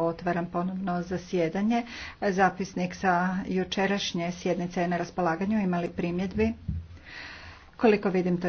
Otvaram ponovno sjedanje. Zapisnik sa jučerašnje sjednice je na raspolaganju. Imali primjedbi? Koliko vidim to